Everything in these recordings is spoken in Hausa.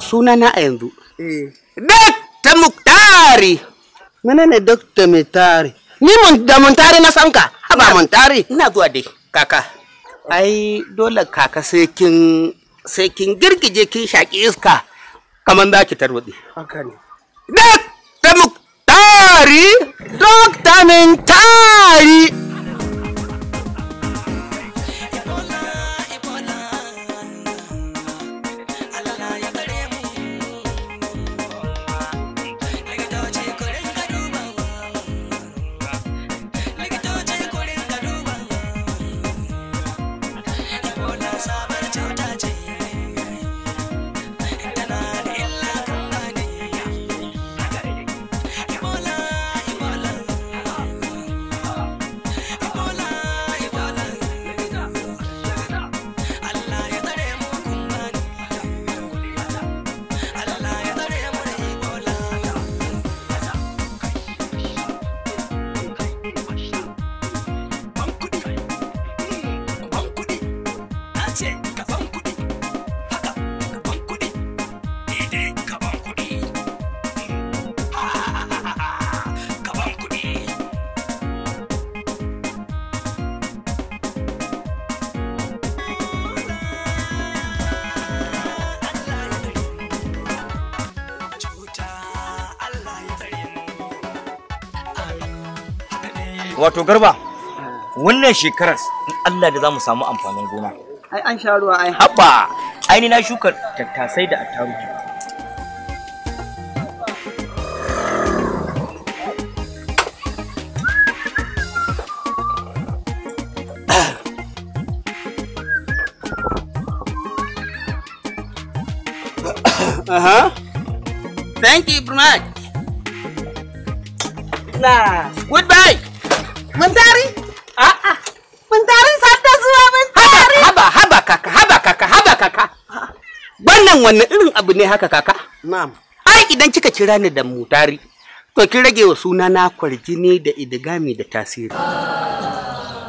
suna na a yanzu eh. Dokta Muktari. Mene ne Dokta Muktari? Ni da Muktari na san ka, haba Muktari. Ina zuwa dai, kaka. Ai dole kaka sai kin sai kin girgije kin shaƙi iska kamar za ki tarwatsi. Haka ne. Dokta Muktari, Dokta Muktari. ce gaban kuɗi haka gaban Wato garba, wannan shekarar Allah da za mu samu amfanin gona. ai an sha ruwa ai haba ai ni na shuka tattasai da attarugu Uh-huh. Thank you very much. Nah. wannan wannan irin abu ne haka kaka na'am ai idan kika kira ni da mutari to kin rage wa suna na kwarjini da idigami da tasiri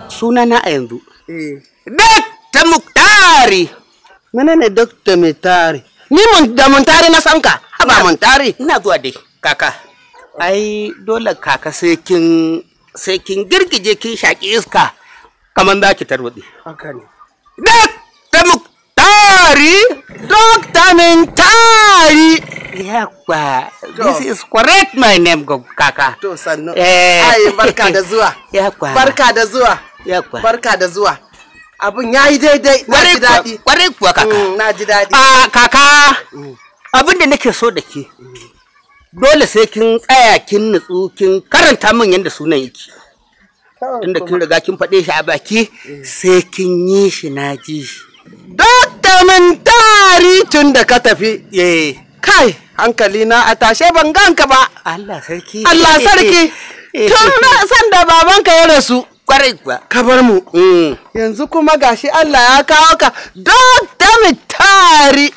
suna na a yanzu eh. Dokta Muktari. ne Dokta Muktari? Ni da Muktari na san ka. Haba Muktari. Ina zuwa dai kaka. Ai dole kaka sai kin sai kin girgije kin shaki iska kaman za ki tarwatsi. Haka ne. Dokta Muktari. tari doctor tari yakwa this is correct my name go kaka to sannu eh ai barka da zuwa yakwa barka da zuwa yakwa barka da zuwa abun yayi daidai na ji daɗi kwarai kuwa kaka mm, na ji daɗi a ah, kaka mm. abin da nake so da ke dole sai kin tsaya kin nutsu kin karanta min yadda sunan yake tunda kin riga kin faɗe shi a baki mm. sai kin yi shi na ji shi min dari tun da ka tafi eh kai hankali na a tashe ban ganka ba Allah sarki Allah sarki tun san da babanka ya rasu kwarai kuwa ka bar mu mm. yanzu kuma gashi Allah ya kawo ka dokta tari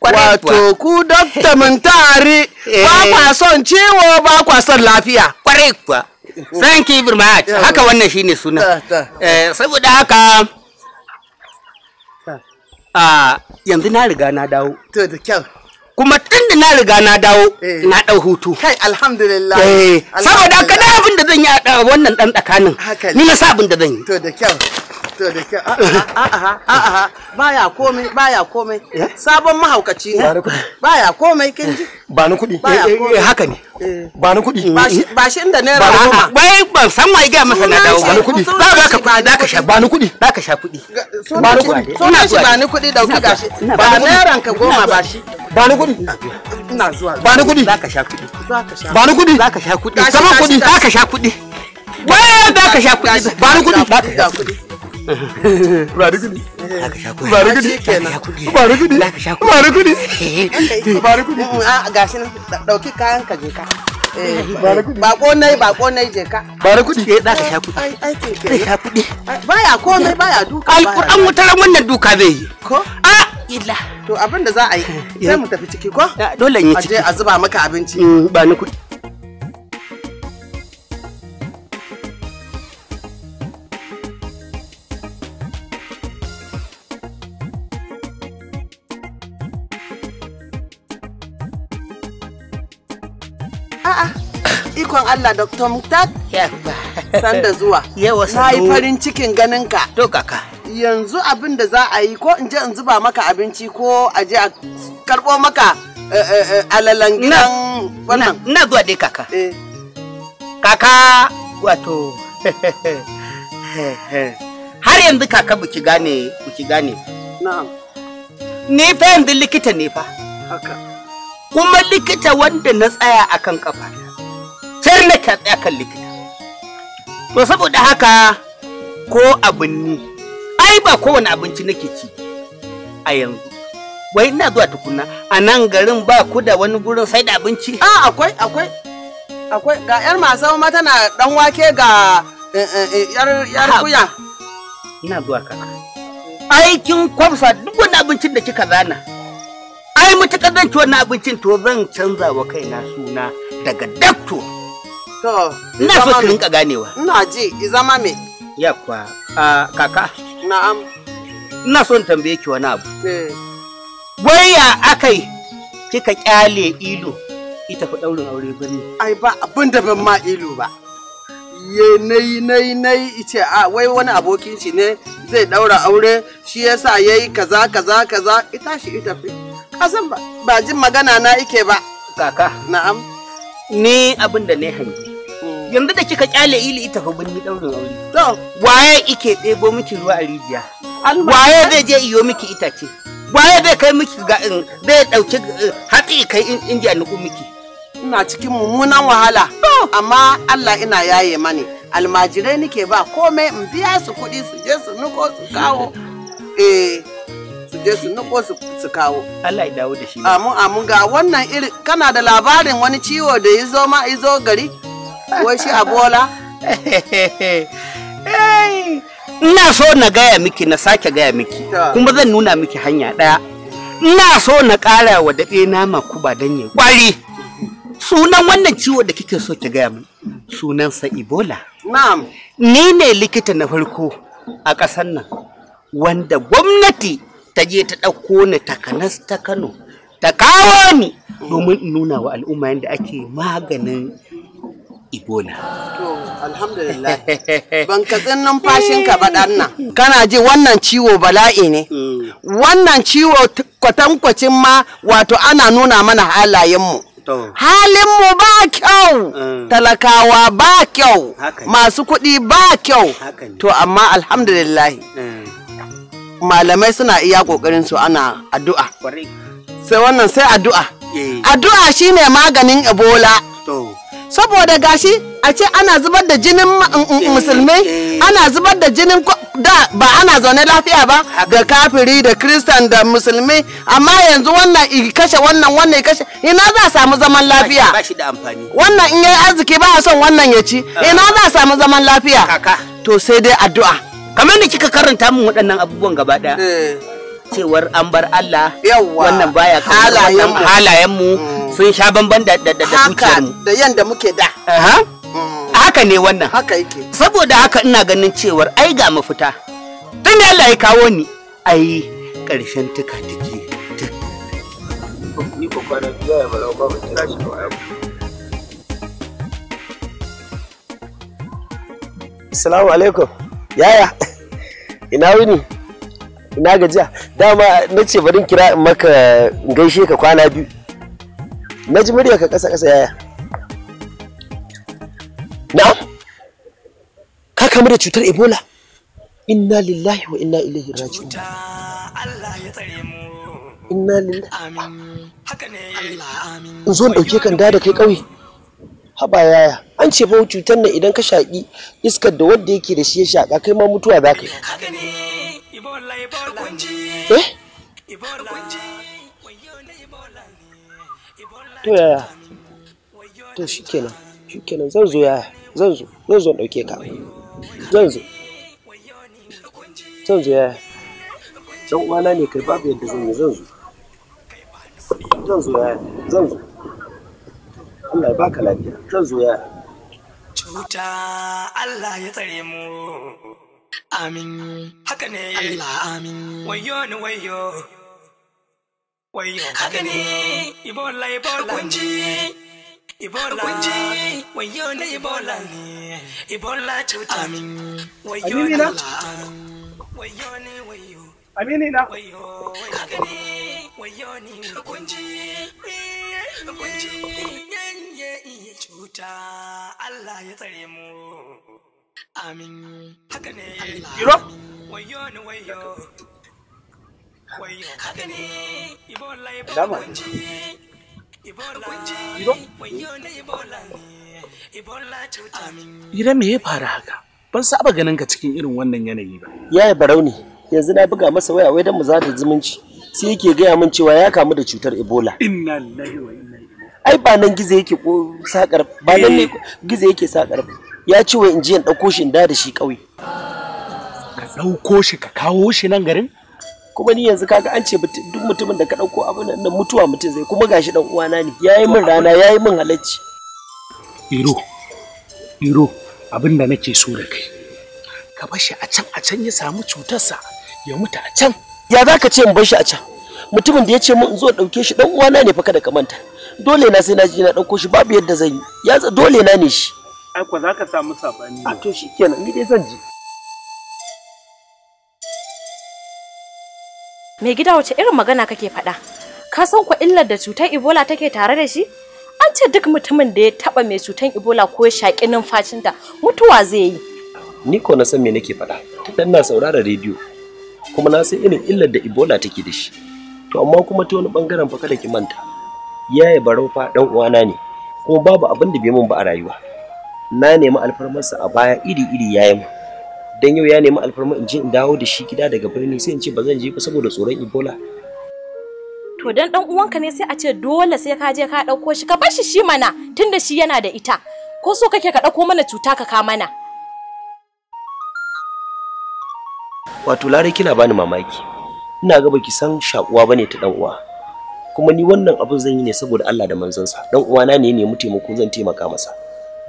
wato ku dokta tari eh. ba kwa son ciwo ba kwa son lafiya kwarai kuwa thank you very much haka wannan shine suna eh, saboda haka a yanzu na riga na dawo to da kyau kuma tun da na riga na dawo eh. na ɗau hutu kai alhamdulillah eh, saboda haka da abin da zan yi a wannan ɗan tsakanin ni na sa abin da zan yi to da kyau to da kyau a'a baya komai baya komai eh? sabon mahaukaci ne baya komai kin ji ba ni kuɗi haka ne ba ni kuɗi ba shi da naira ba bai ban san mai ga masa na dawo ba ni kuɗi za ba ka kuɗi da ka sha ba ni kuɗi da ka sha kuɗi ba ni kuɗi sunan shi ba ni kuɗi dauki gashi ba nairan ka goma ba shi ba ni kuɗi ina zuwa ba ni kuɗi da ka sha kuɗi ba ni kuɗi da ka sha kuɗi zaman kuɗi za ka sha kuɗi bai da ka sha kuɗi ba ni kuɗi bari kudi wannan duka zai yi ko a illa to abin da za a yi sai mu tafi ciki ko dole ciki a je a zuba maka abinci ba ni Allah Dr. Muktar. Yabba. San da zuwa. Yawa Na yi farin cikin ganin ka. To kaka. Yanzu abin da za a yi ko in je in zuba maka abinci ko a je a karɓo maka eh, eh, eh, alalan gidan wannan. Na zuwa dai kaka. Kaka wato. Har yanzu kaka buki gane buki gane. Na. Ni fa yanzu likita ne fa. Haka. Kuma likita wanda na tsaya akan kafa. sai na ka tsaya kan likita to saboda haka ko abin ni ai ba kowane abinci nake ci a yanzu wai ina zuwa tukuna a nan garin ba ku da wani gurin sai da abinci a ah, akwai akwai akwai ga yar masu ma tana dan wake ga eh, eh, eh, yar yar kuya ina zuwa ka aikin kwamsa duk wani abincin da kika zana ai mutakar zan ci wani abincin to zan canza wa kaina suna daga dakto To, ina so ka rinka ganewa. Ina ji, zama me? Yakwa, a kaka. Na'am. Ina so in tambaye ki wani abu. Eh. Wai ya akai kika kyale ilo ita tafi daurin aure birni. Ai ba abin da ban ma ilo ba. Ye nayi nayi nai ice a wai wani abokin shi ne zai daura aure shi yasa yayi kaza kaza kaza ita shi ita fi. Kasan ba ba jin magana na ike ba. Kaka. Na'am. Ni abin da ne hangi. yanzu da kika kyale ili ita ka binni daurin aure to waye ike ɗebo miki ruwa a rijiya waye zai je iyo miki itace waye zai kai miki ga eh, zai dauki eh, hatsi kai injiya nuku miki ina cikin mummunan wahala amma Allah ina yaye mani almajirai nike ba komai in biya su kuɗi su je su nuko su kawo eh su je su nuko su kawo. Allah ya dawo da shi. Amu amu ga wannan iri kana da labarin wani ciwo da ya zo ma ya zo gari wai shi a bola ina so na gaya miki na sake gaya miki kuma zan nuna miki hanya ɗaya ina so na ƙara wa daɗe nama kuba dan yi ƙwari sunan wannan ciwo da kike so ki gaya min sunansa ebola. na'am ni ne likita na farko a ƙasar nan wanda gwamnati ta je ta ɗauko ni takanas ta kano ta kawo ni domin nuna wa al'umma yadda ake maganin Ibola. To, alhamdulillah. Ban katsin numfashinka ba dan nan. Kana ji wannan ciwo bala'i ne. Mm. Wannan ciwo kwatankwacin ma wato ana nuna mana halayenmu. Halinmu ba kyau, mm. talakawa ba kyau, masu kuɗi ba kyau. To, amma alhamdulillah. Mm. Malamai suna iya ƙoƙarin su ana addu'a. Sai wannan sai addu'a. Eh. Addu'a shine maganin Ebola. saboda gashi a ce ana zubar da jinin eh, musulmai eh. ana zubar da jinin da ba ana zaune lafiya ba ga kafiri da kristan da musulmi amma yanzu wannan kashe wannan wannan kashe ina za a samu zaman lafiya wannan in yayi arziki ba son wannan ya ci ah. ina za a samu zaman lafiya to sai dai addu'a kamar da kika karanta min waɗannan abubuwan gaba ɗaya eh. cewar an bar Allah wannan baya halayen mu sun sha bamban da da da zuciyar mu da yanda muke da mm. haka ne wannan haka yake saboda haka ina ganin cewar ai ga mafita tun da Allah ya kawo ni ai karshen tuka tuki Assalamu alaikum. Yaya, ina wuni, ina gajiya. Dama na ce barin kira maka gaishe ka kwana biyu. na ji ka kasa kasa yaya na ka kamu da cutar ebola inna lillahi wa inna ilaihi raji'un inna lillahi in zo dauke kan da kai kauye haba yaya an ce fa cutar nan idan ka shaki iskar da wanda yake da shi ya shaka kai ma mutuwa za ka yi eh to yaya to shikenan shikenan zan zo yaya zan zo zan zo ɗauke ka zan zo zan zo yaya dan uwana ne kai babu yadda zan yi zan zo zan zo yaya zan zo Allah ya baka lafiya zan zo yaya cuta Allah ya tsare mu amin haka ne Allah amin wayo ni wayo Wai haka ne, Ibola Ibola kunji, Ibola kunji, Ibola ne, Ibola cuta min, Amini na. kunji, kunji, yanye Allah ya tsare mu. Amin, haka ne. Iro? haka me ya fara haka ban saba ganin ka cikin irin wannan yanayi ba yaya Barauni, yanzu na buga masa waya wai dan mu zata zumunci sai yake gaya min cewa ya kamu da cutar ibola inna ai ba nan gizo yake ko sakar ba nan ne eh. gizo yake sakar ya ce wai in je in dauko shi in da da shi kauye ka dauko shi ka kawo shi nan garin kuma ni yanzu kaga an ce duk mutumin da ka ɗauko abin nan mutuwa mutum zai kuma gashi dan uwana ne yayi min rana yayi min halacci iro iro abin da nake so da kai ka bar shi a can a can ya samu cutarsa ya mutu a can ya za ka ce in bar shi a can mutumin da ya ce min in zo ɗauke shi dan uwana ne fa kada ka manta dole na sai na ji na ɗauko shi babu yadda zan yi ya dole na ne shi ai ko za ka samu sabani a to shikenan ni dai zan ji Mai gida wace irin magana kake faɗa? Ka san ku illar da cutar Ebola take tare da shi? An ce duk mutumin da ya taɓa mai cutar Ebola ko ya shaƙi numfashinta mutuwa zai yi. Ni ko na san me nake faɗa, tunda ina saurara rediyo kuma na san irin illar da Ebola take da shi. To amma kuma ta wani bangaren fa kada ki manta. Yaya barau fa dan uwana ne, kuma babu abin da bai mun ba a rayuwa. Na nemi alfarmarsa a baya iri-iri yayi mun. dan yau ya nemi alfarma in je in dawo da shi gida daga birni sai in ce ba zan je ba saboda tsoron Ebola. To dan dan uwanka ne sai a ce dole sai ka je ka dauko shi ka bar shi shi mana tunda shi yana da ita. Ko so kake ka dauko mana cuta ka ka mana. Wato lare kina bani mamaki. Ina ga baki san shakuwa bane ta dan uwa. Kuma ni wannan abin zan yi ne saboda Allah da manzansa. Dan uwana ne ne taimako zan taimaka masa.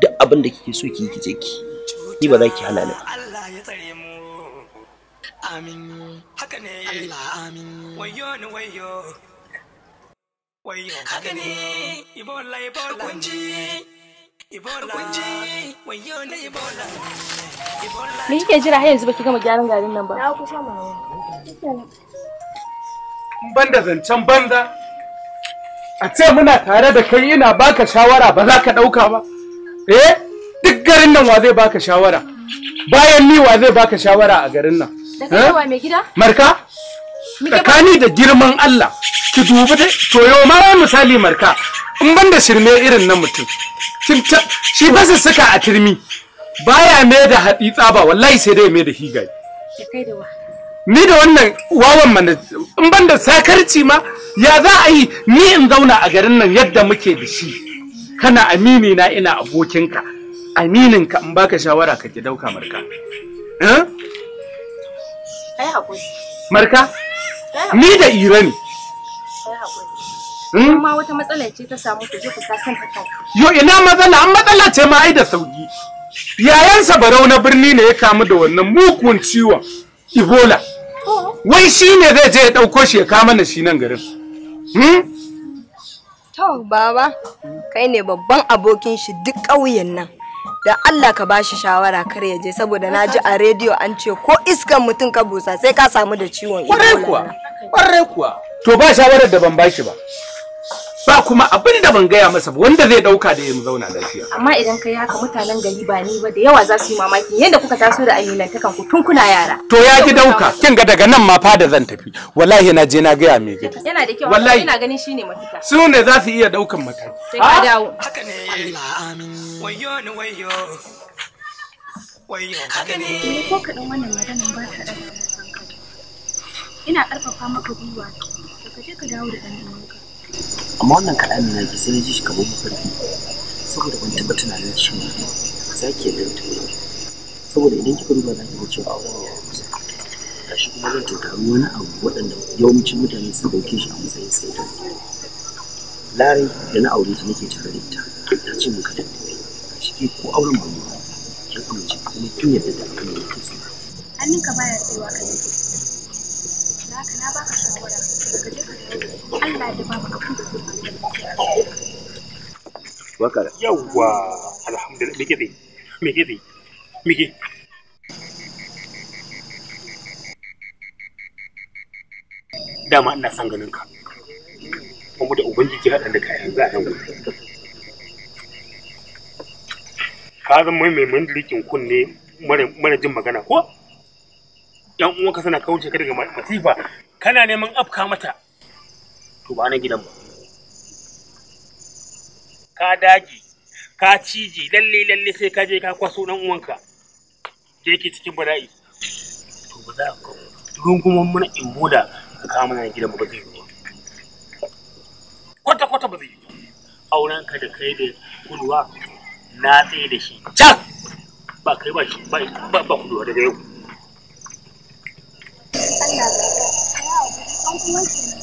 Duk abin da kike so ki yi ki je ki. Ni ba za ki hana ni amin haka ne Allah amin wayo ni wayo wayo haka ne ibola ibola kunji ibola kunji wayo ni ibola me kike jira har yanzu baki gama gyaran garin nan ba na kusa ma ban banda zancen banza a ce muna tare da kai ina baka shawara ba za ka dauka ba eh duk garin nan wa zai baka shawara bayan ni wa zai baka shawara a garin nan Marka? Tsakani da girman Allah, ki dubi to toyo ma misali marka, in ban da shirme irin na mutum. Shi ba su suka a turmi, ya mai da haɗi tsaba wallahi sai dai mai da higa. Ni da wannan wawan mana in ban da sakarci ma ya za a yi ni in zauna a garin nan yadda muke da shi. Kana amini na ina abokinka, amininka in baka shawara ka ki dauka marka. Eh? Marka? Ni da Ira ne. Yo ina matsala an matsala ce ma ai da sauki. Yayansa Barau na birni ne ya kamu da wannan mukun ciwon Ebola. Wai shi ne zai je ya ɗauko shi ya kama na shi nan garin. Hmm? To baba, kai ne babban abokin shi duk ƙauyen nan. da Allah ka bashi shawara kar ya je saboda na ji a rediyo an ce ko iskan mutum ka busa sai ka samu da ciwon ido. Kwarai kuwa, kwarai kuwa. To ba shawarar da ban bashi ba. ba kuma abin da ban gaya masa ba wanda zai dauka da yin zauna lafiya amma idan kai haka mutanen gari ba ni ba da yawa za su yi mamaki yadda kuka taso da aminantakan ku tun kuna yara to ya ki dauka kin ga daga nan ma fada zan tafi wallahi na je na gaya mai gidi yana da kyau wallahi ina ganin shine mafita su ne za su iya daukan mataki sai ka dawo haka ne Allah amin wayo ni wayo wayo haka ne ko kadan wannan maganar ba ta da ina karfafa maka gwiwa ka je ka dawo da dan amma wannan kaɗan na gizo sai ji shi kamar mafarki saboda ban taɓa tunanin shi ne, za ki yi ta wuri saboda idan kika duba za ki ga cewa auren ya yi kusa shi kuma zan tunkari wani abu waɗanda yawancin mutane sun ɗauke shi a matsayin saitan lari da na aure ta nake tare da ita ta ce min ga shi ke ko auren ba mu kin ce kuma kin yadda da abin da kike so hannunka baya kaiwa kai na baka shawara daga duk Allah da babu abin da zai faru yawwa alhamdulillah me kike me kike me kike dama ina son ganin ka kuma da ubangiji haɗa da kayan za a nan ka zama mai mandalikin kunne mara jin magana ko yan uwanka suna kauce ka daga masifa kana neman afka mata to ba na gidan ba ka dage ka cije lalle lalle sai ka je ka kwaso dan uwanka da yake cikin bada'i. to ba za ka mana in boda ka kawo mana gidan ba zai yi kwata kwata ba zai yi auren ka da kai da kulwa na tsaye da shi can ba kai ba shi ba ba daga yau Allah ya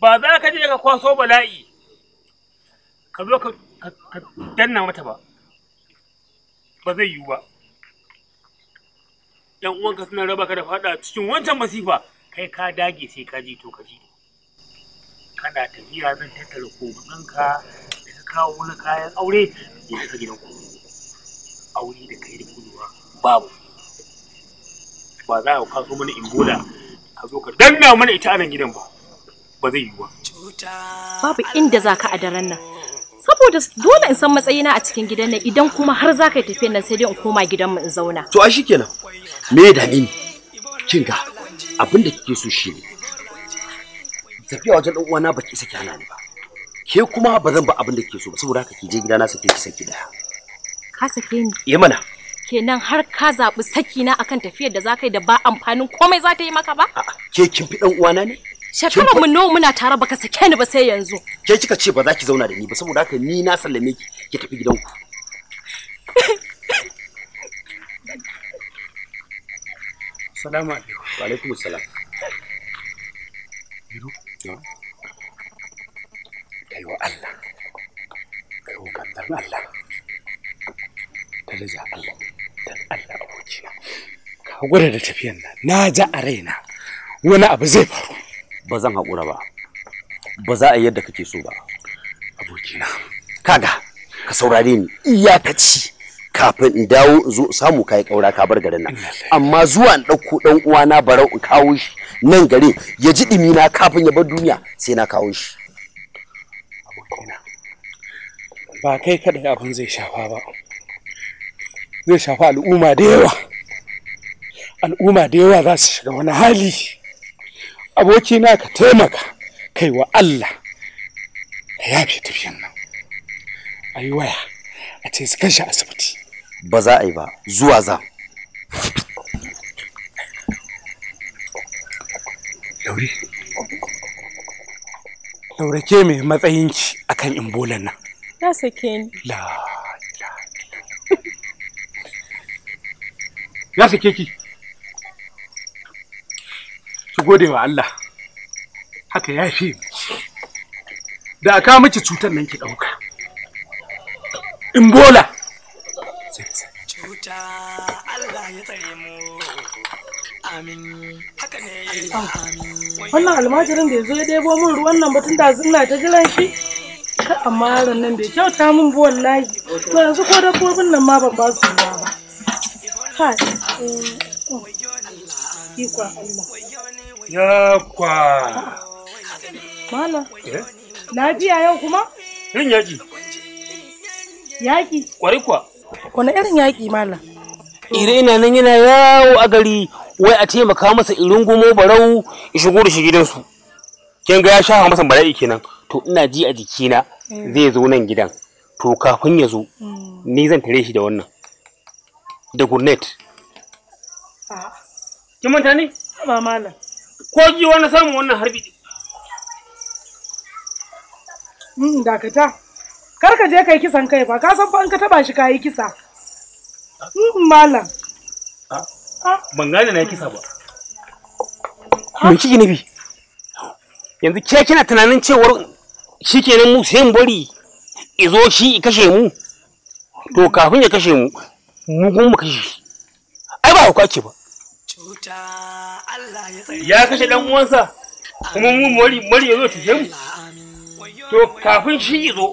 ba za ka je ka kwaso bala'i ka zo ka danna mata ba ba zai yiwu ba yan uwanka suna raba ka da fada cikin wancan masifa kai ka dage sai ka ji to ka ji kana tafiya zan tattara komanka da ka kawo wani kayan aure Ya ka gidan ku aure da kai da kuduwa babu ba za ka kaso mana ingola ka zo ka danna mana ita a nan gidan ba ba zai yiwu ba babu inda za ka a daren nan saboda dole in san matsayina a cikin gidan nan idan kuma har za ka tafi nan sai dai in koma gidanmu in zauna to a shikenan me ya dame ni kinga abin da kike so shi ne tafiya wajen dan uwana baki isa hana ni ba ke kuma ba zan ba abin da kike so ba saboda haka ki je gida na sake ki saki daya ka sake ni ya mana kenan har ka zaɓi saki na akan tafiyar da zakai da ba amfanin komai za ta yi maka ba a'a ke kin fi dan uwana ne shekarar mu nawa muna tare baka sake ni ba sai yanzu ke kika ce ba za ki zauna da ni ba saboda haka ni na sallame ki ki tafi gidanku Assalamu alaikum. Wa alaikum assalam. Biro? Na. kaiwa wa Allah. kaiwa gandar gandan Allah. Daraja Allah. Dan Allah abokina. Ka gwada da tafiyan nan. Na ji a raina. Wani abu zai faru. Ba zan haƙura ba. Ba za a yi yadda kake so ba. Abokina. Kaga, ka saurare ni iyakaci. kafin in dawo in zo samu kai kaura ka bar garin nan amma zuwa in ɗauko ɗan uwana barau in kawo shi nan garin ya ji dimi na kafin ya bar duniya sai na kawo shi ba kai kadai abin zai shafa ba zai shafa al'umma da yawa al'umma da yawa za su shiga wani hali abokina ka taimaka kai wa Allah ka yafe tafiyan nan a yi waya a ce su kashe asibiti ba za a yi ba zuwa za laure ke mai a akan imbolan nan Ya sake ni la ya sake ki ki gode wa Allah haka ya fi da aka miki cutar nan ki ɗauka imbola cuta Allah ya tsare mu amin haka ne wannan almajirin da ya zo ya ɗebo min ruwan nan batun da zina ta jiran shi amma yaron nan bai kyauta min ba wallahi to yanzu ko dabbobin nan ma ban ba su ba ba ya kwa malam eh? lafiya yau kuma yin yaki yaki Kwari kwa. wani irin yaƙi malam ire ina nan yana yawo a gari wai a taimaka masa irin gumo barau ya shigo da shi gidansu kin ga ya sha masa bala'i kenan to ina ji a jikina mm. zai zo nan gidan to kafin ya zo mm. ni zan tare shi da wannan da gurnet kin manta ne ba mala ko ji wani samun wannan harbi mm, dakata kar ka je kai kisan kai ba ka san fa in ka taba shi kai kisa hmm, malam ah, ah. ban gane na kisa ba ah. me kike nufi yanzu ke kina tunanin cewar shikenan mu sai mu bari izo shi i kashe mu to kafin ya kashe mu mu gun mu kashe ai ba hauka ce ba ya kashe dan uwansa kuma mu mari mari yazo cuce mu to kafin shi izo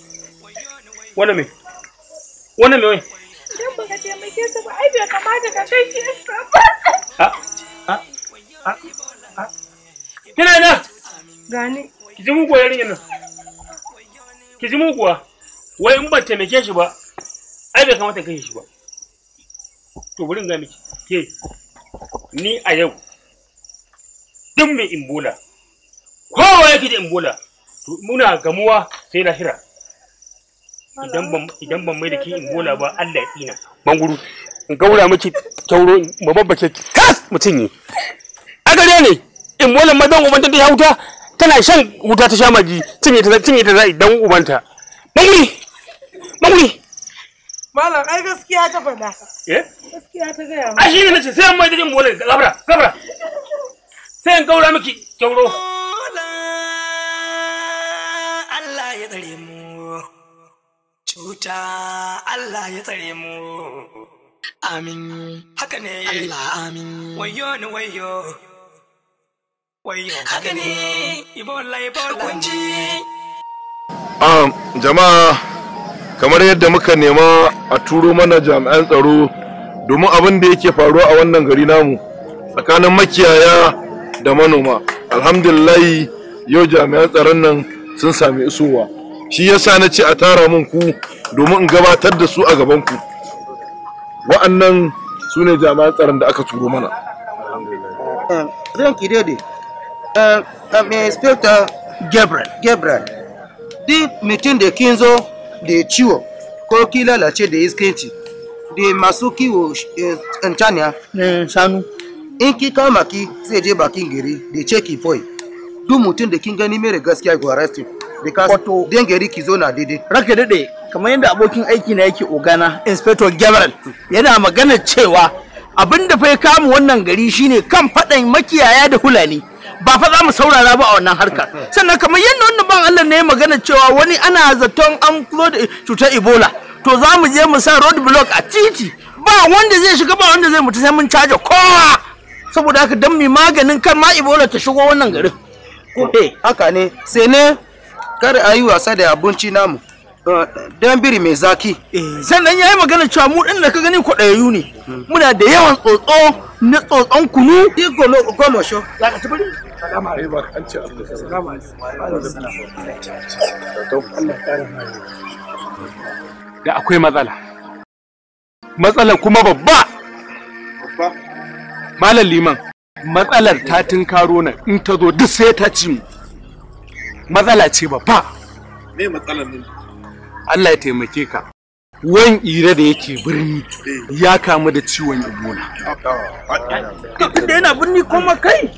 Wani me? Wani me wai? Idan baka taimake ta ba, ai bai kamata ka kai ba. Kina da? Gani. Ki ji muguwa yarinyar nan. Ki ji Wai in ba taimake shi ba, ai bai kamata kai shi ba. To bari ga miki. Ke ni a yau duk mai imbola kowa yake da imbola muna gamuwa sai lahira idan ban idan mai da ki in bola ba Allah ya tsina banguru in gaura miki tauro mu babbake ki kas mutun yi a gare ne in ma madan ubanta ta hauta tana shan wuta ta sha magi cinye ta cinye ta zai dan ubanta banguri banguri malam ai gaskiya ta faɗa eh gaskiya ta gaya ma a shi ne nace sai an mai da jin bola gabra gabra sai in gaura miki tauro Allah ya tsare cuta Allah ya tsare mu amin haka ne Allah amin wayo ni wayo wayo haka ne ibo la kunji um jama'a kamar yadda muka nema a turo mana jami'an tsaro domin abin da yake faruwa a wannan gari namu tsakanin makiyaya da manoma alhamdulillahi yau jami'an tsaron nan sun sami isowa shi yasa na ce a tara mun ku domin in gabatar da su a gabanku. wa'annan su ne jami'an tsaron da aka turo mana ranki daidai eh, eh, mai inspector gabriel gabriel duk mutum da kin zo da ciwo ko ki lalace da iskanci da masu kiwo tsantaniya eh, shanu in ki kama ki zai je bakin gari da ce foy duk mutum da kin gani mere gaskiya ku arrestin because den gari ki zo na daidai ranka dade kamar yadda abokin aiki na yake ogana inspector gabriel hmm. yana magana cewa abin da fai kama wannan gari shine kan faɗan makiyaya da hulani ba fa za mu saurara ba a wannan harkar hmm. sannan kamar yadda wannan ban Allah ne magana cewa wani ana zaton an cutar ebola to za mu je mu sa road block a titi ba wanda zai shiga ba wanda zai mutu sai mun caja kowa saboda haka dan mi maganin kan ma ebola ta shigo wannan garin ko haka ne sai ne kar a yi wasa da abinci namu dan biri mai zaki eh, sannan ya yi magana cewa mu ɗin da ka gani kwaɗayayyu ne muna da yawan tsotso na tsotson kunu iko no goma sho ka da akwai matsala matsalar kuma babba babba malam liman matsalar ta tinkaro nan in ta zo duk sai ta ci mu matsala ce ba, me matsalar ne Allah ya taimake ka wan ira da yake birni ya kamu da ciwon ibola da yana birni kuma kai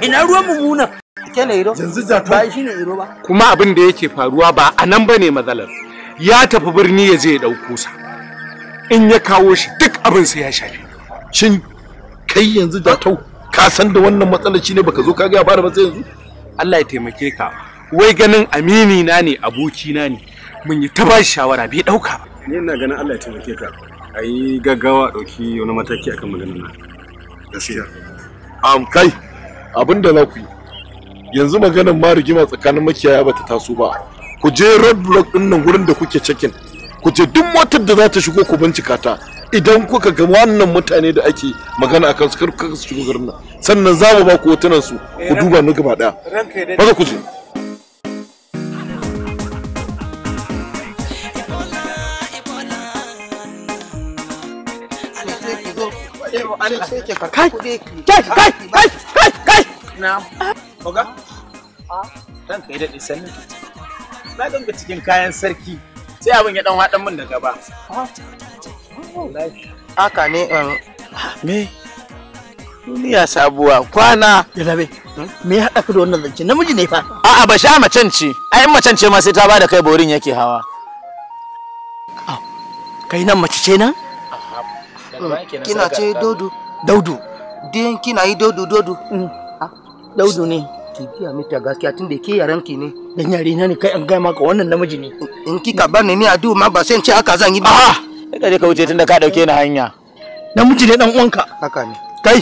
ina ruwan mummuna yanzu zato ba shine iro ba kuma abin da yake faruwa ba a nan bane matsalar ya tafi birni ya je ya dauko sa in ya kawo shi duk abin sa ya shafe shin kai yanzu da tau ka san da wannan matsalar shine baka zo ka ga ya fara ba sai yanzu Allah ya taimake ka wai ganin amini na ne aboki na ne mun yi ta bashi shawara bai dauka ba ni ina ganin Allah ya taimake ka ayi gaggawa dauki wani mataki akan maganar nan gaskiya am kai abin da za ku yi yanzu maganar ma rigima tsakanin makiyaya bata taso ba ku je road block din nan gurin da kuke checking ku ce duk motar da za ta shigo ku bincika ta idan kuka ga wannan mutane da ake magana akan su karku su shigo garin nan sannan za mu ba ku hotunan su ku eh, duba ni gaba daya ba ku je ah. na oga cikin kayan sarki sai abin ya dan haɗan min da gaba haka ne me duniya sabuwa kwana jalabe me ya haɗa ka da wannan zance namiji ne fa a'a ba sha macen ce ai macen ce ma sai ta bada kai borin yake hawa ah, kai nan mace ce nan kina ce dodo daudu din kina yi dodo dodo mm. daudu ne ki biya mita gaskiya tun da ke yaran ki ne dan yare na ne kai an gaya maka wannan namiji ne in kika ba ni a ma ba sai in ce haka zan yi ba a ka je ka wuce tun da ka dauke ni hanya namiji ne dan uwanka haka ne kai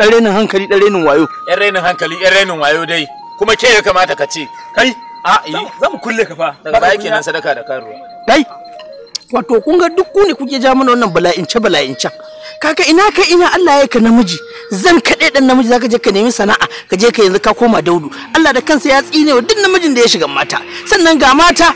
dan renin hankali dan renin wayo yan renin hankali yan renin wayo dai kuma ke ya kamata ka ce kai a yi, zan kulle ka fa daga baya kenan sadaka da karo kai wato kun ga duk ku ne kuke ja mana wannan bala'in ce bala'in ce kaka ina ka ina Allah ya ka namiji zan kaɗe ɗan namiji zaka je ka nemi sana'a ka je ka yanzu ka koma daudu Allah da kansa ya tsine wa duk namijin da ya shiga mata sannan ga mata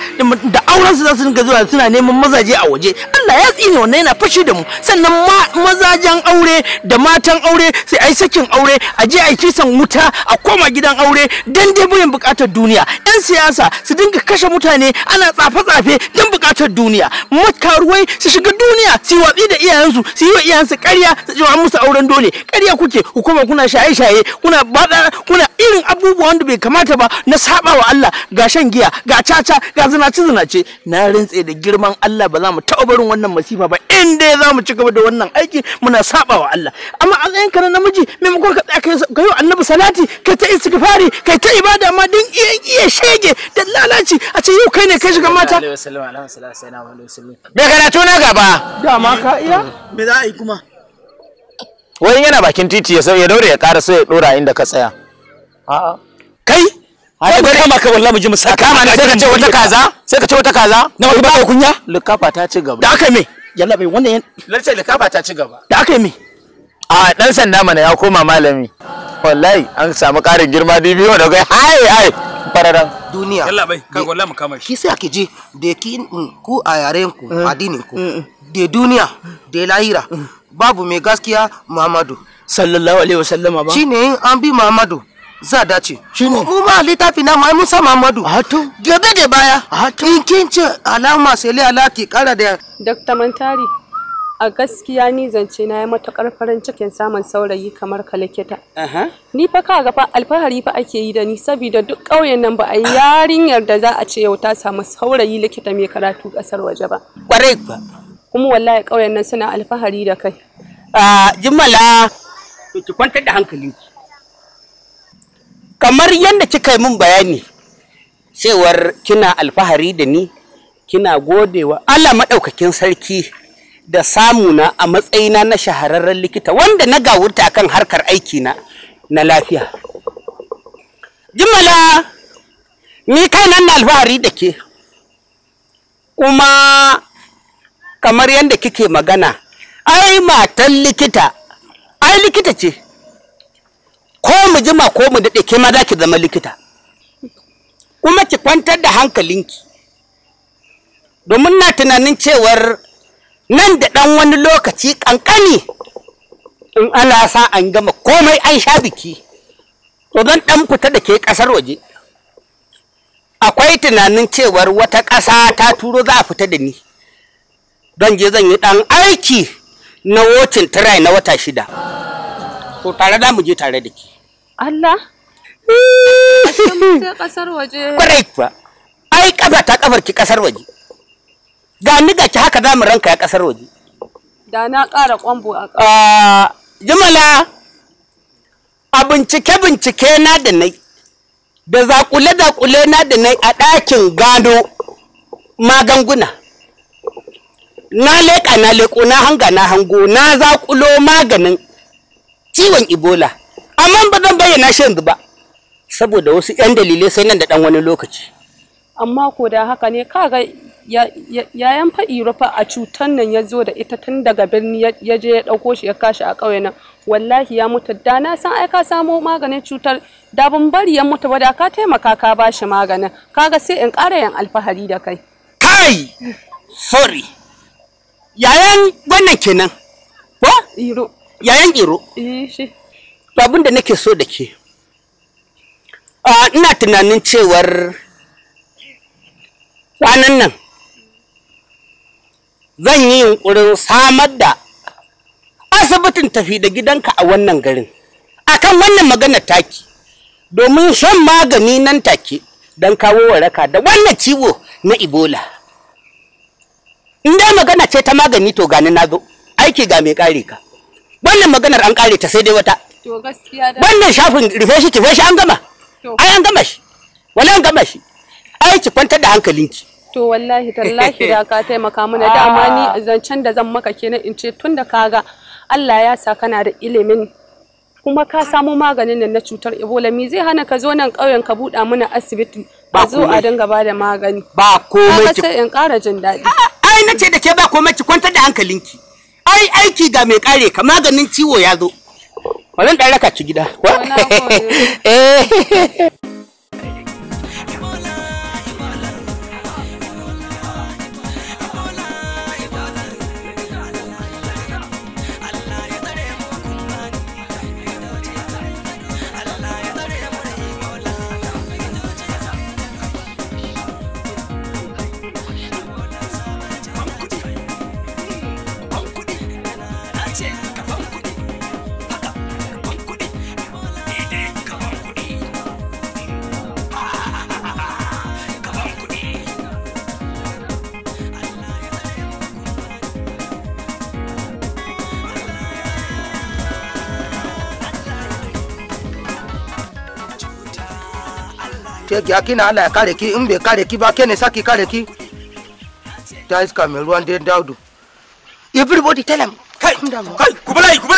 da auren su za su dinga zuwa suna neman mazaje a waje Allah ya tsine wannan yana fashi da mu sannan mazajen aure da matan aure sai ai sakin aure a je ai kisan wuta a koma gidan aure dan dai buyin bukatar duniya yan siyasa su dinga kashe mutane ana tsafe-tsafe dan bukatar duniya makaruwai su shiga duniya su yi watsi da iyayensu su yi wa iyayensu ƙarya su an musu auren dole ƙarya kuke hukuma kuna shaye-shaye kuna bada kuna irin abubuwan da bai kamata ba na saba wa Allah ga shan giya ga caca ga zinace zinace na rintse da girman Allah ba za mu taɓa barin wannan masifa ba in dai za mu ci gaba da wannan aiki muna saba wa Allah amma a tsayin ka na namiji maimakon ka tsaya ka yi annabi salati kai ta istighfari kai ta ibada ma din iya iya shege da lalaci a ce yau kai ne kai shiga mata bai karatu na gaba dama ka iya me za a yi kuma wai yana bakin titi ya ya daure ya ƙara so ya dora inda ka tsaya a'a kai Ai ba kama ka wallahi mu ji musaka kama ne sai ka ce wata kaza sai ka ce wata kaza na wani ba kunya likafa ta ci gaba da aka me yalla bai wannan lalle sai likafa ta ci gaba da aka me a dan sanda mana ya koma malami wallahi an samu karin girma dibiyo da kai hai hai sararin duniya yalla bai ka gwalla mu kama shi sai ake ji da ki mm, ku a yaren ku mm. addinin ku mm. da duniya da lahira babu mai gaskiya muhammadu sallallahu alaihi Wasallam ba Shi ne an bi muhammadu za dace ne. mu ma littafi na mai musa muhammadu hato Gebe da baya in kin ce alama sai ala ki kara da dr mantari a gaskiya ni zance na ya matukar farin cikin samun saurayi kamar ka likita ni fa ka ga fa alfahari fa ake yi da ni saboda duk ƙauyen nan ba a yarinyar da za a ce yau ta samu saurayi likita mai karatu ƙasar waje ba kwarai ba kuma wallahi ƙauyen nan suna alfahari da kai a jimmala to ki kwantar da hankali. kamar yadda kika yi min bayani cewar kina alfahari da ni kina godewa Allah madaukakin sarki da samuna a matsayina na shahararren likita wanda na gawurta akan harkar aikina na lafiya jimala ni kainan na alfahari da ke kuma kamar yadda kike magana ai matan likita ai likita ce ko mu jima ko mu daɗe ke ma za ki zama likita kuma ki kwantar da hankalinki domin na tunanin cewar nan da ɗan wani lokaci ƙanƙani in ana sa an gama komai an sha biki to zan ɗan fita da ke ƙasar waje akwai tunanin cewar wata ƙasa ta turo za a fita da ni don je zan yi ɗan aiki na wocin tirai na wata shida to tare da mu je tare da ke Allah ƙasar waje kwarai kuwa ai ƙafa ta ƙafar ki ƙasar waje da ni ga ki haka zamu ranka ya kasar waje da na ƙara kwambo a ƙasa ah, jimala a bincike bincike na da nai da zakule zakule na da nai a ɗakin gano maganguna na leƙa na leƙo na hanga na hango na zakulo maganin ciwon Ebola. amma ba zan bayyana shi yanzu ba saboda wasu 'yan dalilai sai nan da ɗan wani lokaci amma ko da haka ne kaga yayan faɗi rufa a cutar nan ya zo da ita tun daga birni ya je ya ɗauko shi ya kashi a ƙauye nan wallahi ya mutu da na san ai ka samo maganin cutar da ban bari ya mutu ba da ka taimaka ka ba shi maganin kaga sai in ƙara yin alfahari da kai kai sorry yayan wannan kenan ba iro yayan iro eh shi to abin da nake so da ke ah, ina tunanin cewar kwanan nan zan yi yunkurin samar da asibitin tafi da gidanka a wannan garin akan wannan maganar taki domin shan magani nan take don kawo waraka da wannan ciwo na ebola in dai magana ce ta magani to gani na zo aiki ga mai kare ka wannan maganar an kare ta sai dai wata wannan shafin rufe shi kife shi an gama ai an gama shi Wani an gama shi ai ki kwantar da hankalinki to wallahi tallahi da ka taimaka mana dama ni ah. zancen da zan maka kenan in ce tunda kaga Allah ya sa kana da ilimin kuma ka samu maganin nan na cutar Ebola me zai hana ka zo nan ƙauyen ka buɗa mana asibiti ba zo a dinga ba da magani ba komai ki sai in ƙara jin daɗi ai nace da ke ba komai ki kwantar da hankalinki ai aiki ga mai kare ka maganin ciwo ya zo wannan dan raka ci gida eh dukiya kina Allah ya kare ki in kare ki ba kene saki kare ki ta iska mai ruwan dai daudu everybody tell him kai kai ku bulai ku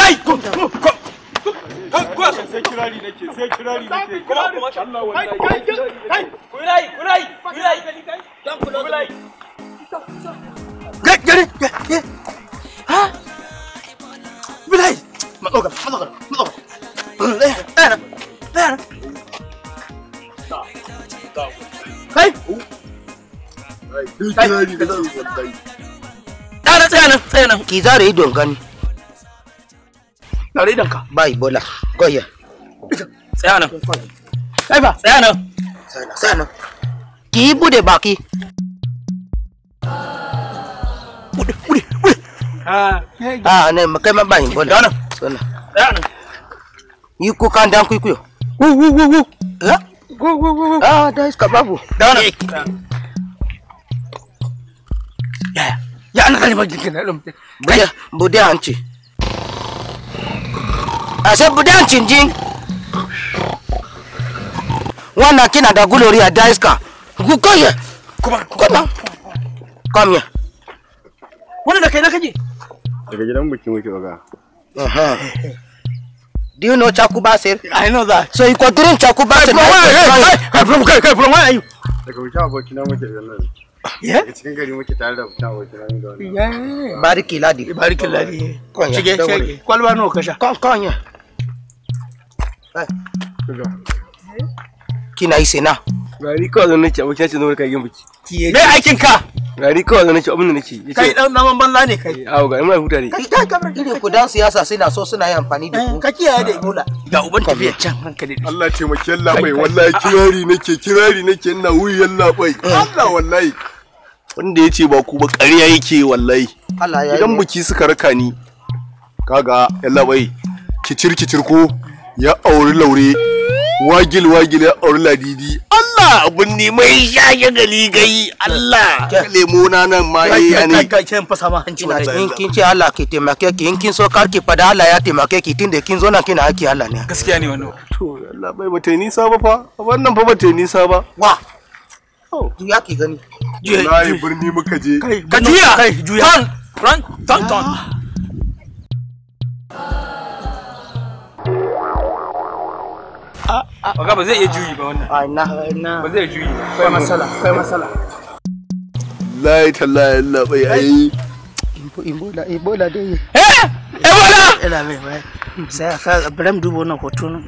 sai kirari nake sai kirari nake kuma Allah wallahi kai kai ku ku dan ku Ɗana tsaya nan, tsaya nan. Ki zara idon gani. Zara idon ka. Bai bola. Go here. Tsaya nan. Kai ba. Tsaya nan. Tsaya nan. Ki bude baki. Bude, bude, bude. Ah, ne makai ma bai bola. Tsaya nan. Tsaya nan. Tsaya nan. Yi kuka dan kuikuyo. Wu wu wu wu. Eh? Wu wu wu. Ah, da iska babu. Da yaya ya an kalima jikin na lumte bude bude hanci a sai bude hancin jin wannan kina da gulori a daiska ku koye kuma kuma come here wannan da kai na kaje daga gidan bikin wuce oga aha Do you know Chaku Basir? I know that. So you control Chaku Basir. Hey, from where? Hey, hey, from where? Hey, from where are you? Daga wuce abokin na muke ganin. cikin gari muke tare da mutum abokin da bariki ladi bariki ladi shige shige kwalba nawa kasha konya kina yi sena gari kawai zan nace abokin ce zuwa kayan biki me aikin ka gari kawai zan nace abin da nake kai dan naman banza ne kai eh, awo ga mai huta ne kai kai kamar irin ku dan siyasa suna so suna yin amfani da ku eh, ka kiyaye da ibola ga uban tafiya can hankali Allah ya taimaki Allah bai wallahi kirari nake kirari nake ina wuyi Allah bai eh. Allah wallahi wanda ya ce ba ku ba ƙarya yake wallahi idan buki suka raka ni kaga yalla bai kicir kicir ko ya auri laure wagil wagil ya auri ladidi Allah abun ne mai shaye gali gai Allah lemo na nan ma yi ne kin fasa ma hanci na in kin ce Allah ki taimake ki in kin so kar ki fada Allah ya taimake ki tunda kin zo nan kina haki Allah ne gaskiya ne wannan to Allah bai bata nisa ba fa wannan fa bata nisa ba wa to ya ki gani je wallahi burni muka je ka juya kai juya tan tan tan tan Oga ba zai iya juyi ba wannan. A Ba zai juyi ba. Akwai matsala, akwai matsala. Lai tallahi Allah bai ai. Ibola, Ibola dai. Eh! Ibola! Ila mai bai. Sai aka Ibrahim dubo wannan hoto nan.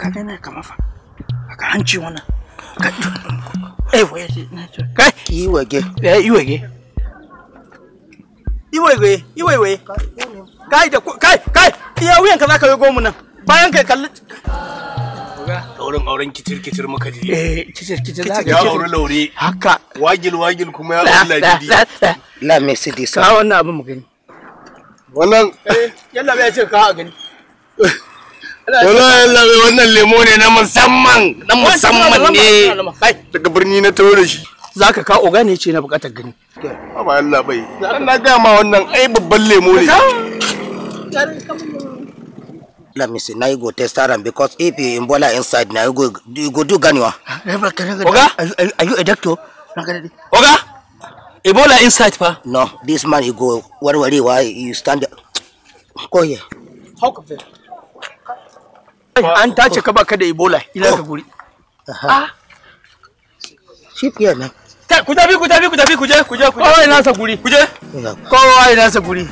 Ka ga na kama Ka hanci wannan. Ka Eh, wai na ji. Kai. Yi wage. Eh, yi wage. Yi wage, Kai da kai, kai. Iya wuyan ka zaka yi gomu nan. Bayan kai kalli. Daurin auren kicir kicir muka je. Eh kicir kicir za ka Ya auri laure. Haka. Wagil wagil kuma ya auri ladidi. La me sai dai sa. wannan abin mu gani. Wannan eh yalla bai ce ka gani. Wallahi yalla bai wannan lemo ne na musamman na musamman ne. Daga birni na tawo shi. Za ka kawo gane ce na bukatar gani. Ba Allah bai. Na ga ma wannan ai babban lemo ne. let me see now you go test her because if you Ebola inside now you go you go do ganua Oga, are you a doctor? Oga, Ebola inside pa? No, this man you go where worry why you stand go here. How come? An tace ka baka da Ebola ila ka guri. Ah. Shi kenan. Ku tafi ku tafi ku tafi ku je ku je ku je. Kowa ina sa guri. Ku je. Kowa ina sa guri.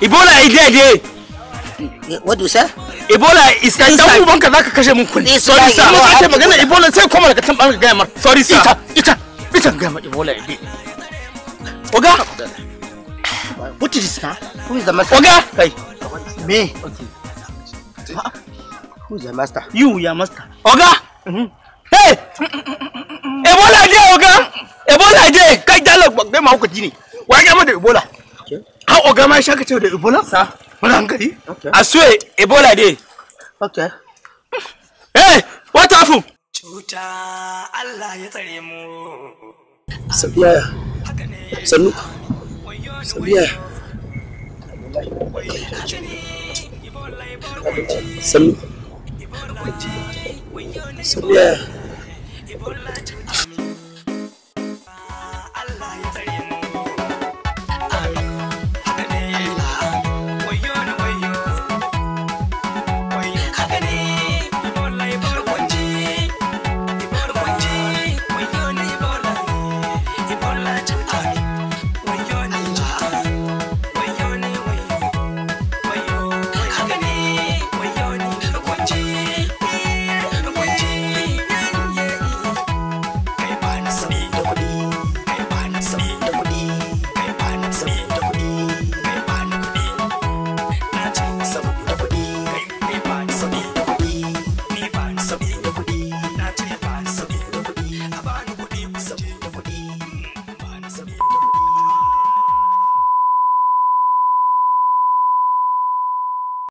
Ebola is dead. What do you say? Ebola is there. Dan uban ka zaka kashe mun kunni. Sorry sir. Mun kace magana Ebola sai koma daga can bangare gaya mar. Sorry sir. Ita ita ita gaya Ebola is there. Oga. What is this now? Who is the master? Oga. Kai. Me. Okay. Who is the master? You, your master. Oga. Mm-hmm. Hey! Ebola is Oga. Ebola is dialogue ne. Wa ga da Ebola. How Ogama Shaka to the Ebola? Sir. I swear, Ebola day. Okay. Hey, eh, what happened? Cuta Allah ya tsare mu. Sabiya. Sannu. Sabiya. Sannu. Sabiya.